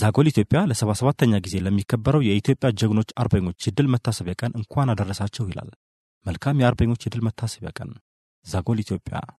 ዛጎል ኢትዮጵያ ለ ጊዜ ለሚከበረው የኢትዮጵያ ጀግኖች አርበኞች የድል መታሰቢያ ቀን እንኳን አደረሳቸው ይላል። መልካም የአርበኞች የድል መታሰቢያ ቀን ዛጎል ኢትዮጵያ